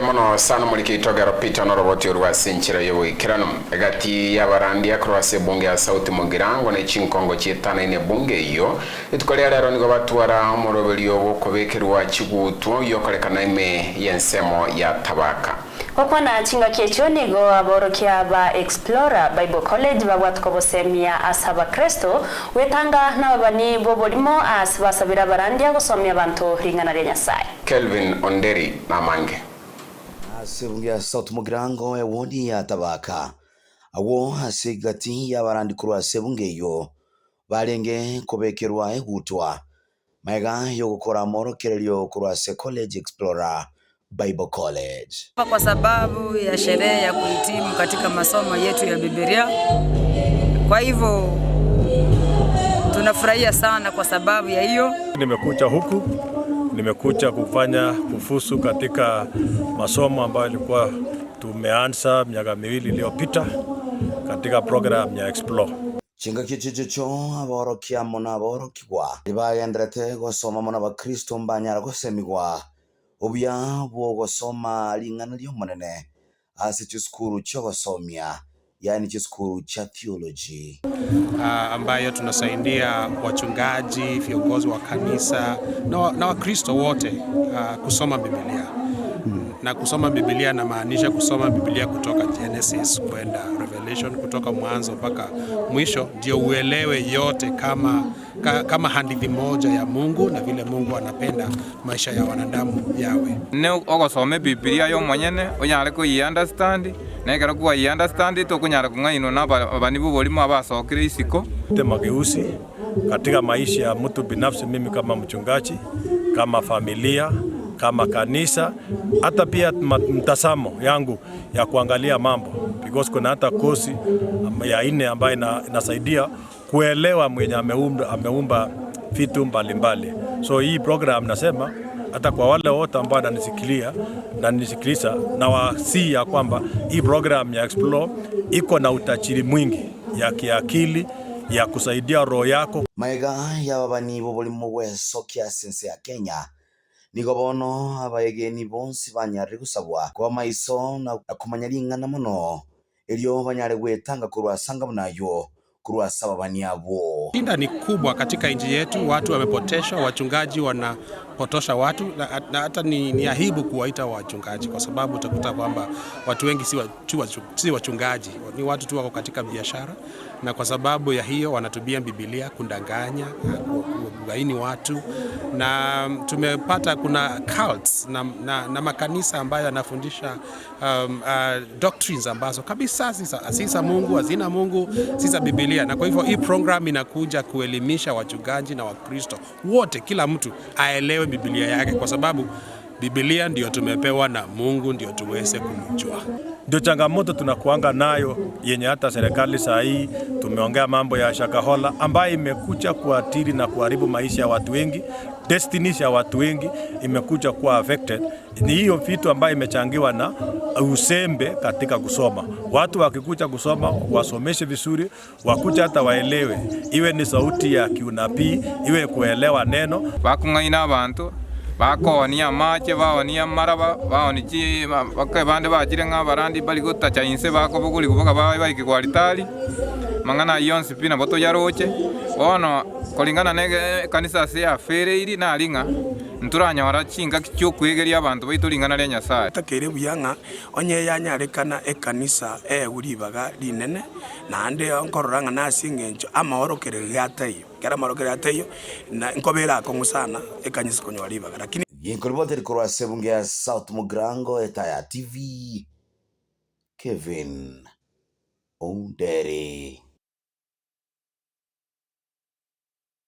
mono sano muri pita pitano roboti urwa sinchira yo wikirano gati yabarandia kurwase bunge ya sauti mugirango ne chinkongo chitana ine bunge iyo itukolera rero nigo batwara umurobeli yo kubekirwa chigutu yo kolekana ime yensemo ya tabaka kwakhona chingakie chonigo aborokia ba explorer bible college babwatikobosemia asa bakristo wetanga nababani bobolimo asi basabira barandia gosomia bantu ringana ria nyasaye kelvin onderi na mange asebuya sauti mugirango ewoni yatabaka awo asigati yabarandikulwa sebungeyo barenge kubekerwa ehutwa maega yokukora morokererio kulwa ase college explorer Bible College kwa sababu ya sherehe ya kuhitimu katika masomo yetu ya Biblia. Kwa hivyo tunafurahia sana kwa sababu ya hiyo. Nimekuja huku nimekuja kufanya kufusu katika masomo ambayo ilikuwa tumeanza miaka miwili iliyopita katika program ya Explore. Chingaki chichicho aborokiamo naborokigwa ibagenderete gosomamo na bakristo mbanyara gosemigwa obia bwogosoma ling'ana liomonene ase chisukuru chiogosomia yani cha skulu cha theology uh, ambayo tunasaidia wachungaji, viongozi wa kanisa na Wakristo wote uh, kusoma Biblia hmm. Na kusoma Biblia namaanisha kusoma Biblia kutoka Genesis kwenda Revelation, kutoka mwanzo mpaka mwisho, ndio uelewe yote kama, ka, kama hadithi moja ya Mungu na vile Mungu anapenda maisha ya wanadamu yawe ne ogosome Biblia yo mwenyene unyale kuyi understand nekero kwa i understand tukunyara kung'ainwa na bani bubolimo abasokire isiko mageuzi katika maisha ya mtu binafsi, mimi kama mchungaji, kama familia, kama kanisa, hata pia mtazamo yangu ya kuangalia mambo, because kuna hata kosi ya ine ambayo inasaidia kuelewa mwenye ameumba, ameumba vitu mbalimbali. So hii program nasema hata kwa wale wote ambao wananisikilia na nisikiliza, na wasi ya kwamba hii program ya Explore iko na utachiri mwingi ya kiakili ya kusaidia roho yako maega ni bo buli kia sense ya Kenya nigo bono abaegeni bonsi banyarire gusabwa kwa maiso na kumanya ring'ana mono ilio banyare gwetanga kurwasanga bunayo kurwasababani abo. Shida ni kubwa katika nchi yetu, watu wamepoteshwa, wachungaji wana potosha watu na, na hata ni, ni aibu kuwaita wachungaji kwa sababu utakuta kwamba watu wengi si, wa, si wachungaji, ni watu tu wako katika biashara, na kwa sababu ya hiyo wanatumia Biblia kundanganya, kugaini watu, na mm, tumepata kuna cults na, na, na makanisa ambayo yanafundisha um, uh, doctrines ambazo kabisa si za Mungu, hazina Mungu, si za Biblia, na kwa hivyo hii program inakuja kuelimisha wachungaji na Wakristo wote, kila mtu aelewe aelewe Biblia yake, kwa sababu Biblia ndio tumepewa na Mungu ndio tuweze kumjua. Ndio changamoto tunakuanga nayo yenye hata serikali saa hii tumeongea mambo ya Shakahola ambayo imekucha kuatiri na kuharibu maisha ya watu wengi, destinies ya watu wengi imekuja kuwa affected. Ni hiyo vitu ambayo imechangiwa na usembe katika kusoma. Watu wakikuja kusoma wasomeshe vizuri, wakuja hata waelewe, iwe ni sauti ya kiunabii, iwe kuelewa neno wakung'aina abantu bakoonia amache baonia amaraba chi bake bande ng'a barandi barigutacha inse bakobogori kuboka bae baike kwaritari mang'ana yonsi pi nabo toyaroche bono koringana na ekanisa ase afereiri naring'a nturanyawara chinga kyokwegeria abantu baito ringana ria nyasaye takiri buyang'a onye yanyarekana ekanisa e, ribaga rinene naende nkorora ng'a nasi eng'encho amaorokere gataiyo kera amaorokere gataiyo nkobera akong'usana ekanisa konywa ribaga lakini ginkoribote rikorwa ase ebunge ya south mugirango etaya tv kevin ondere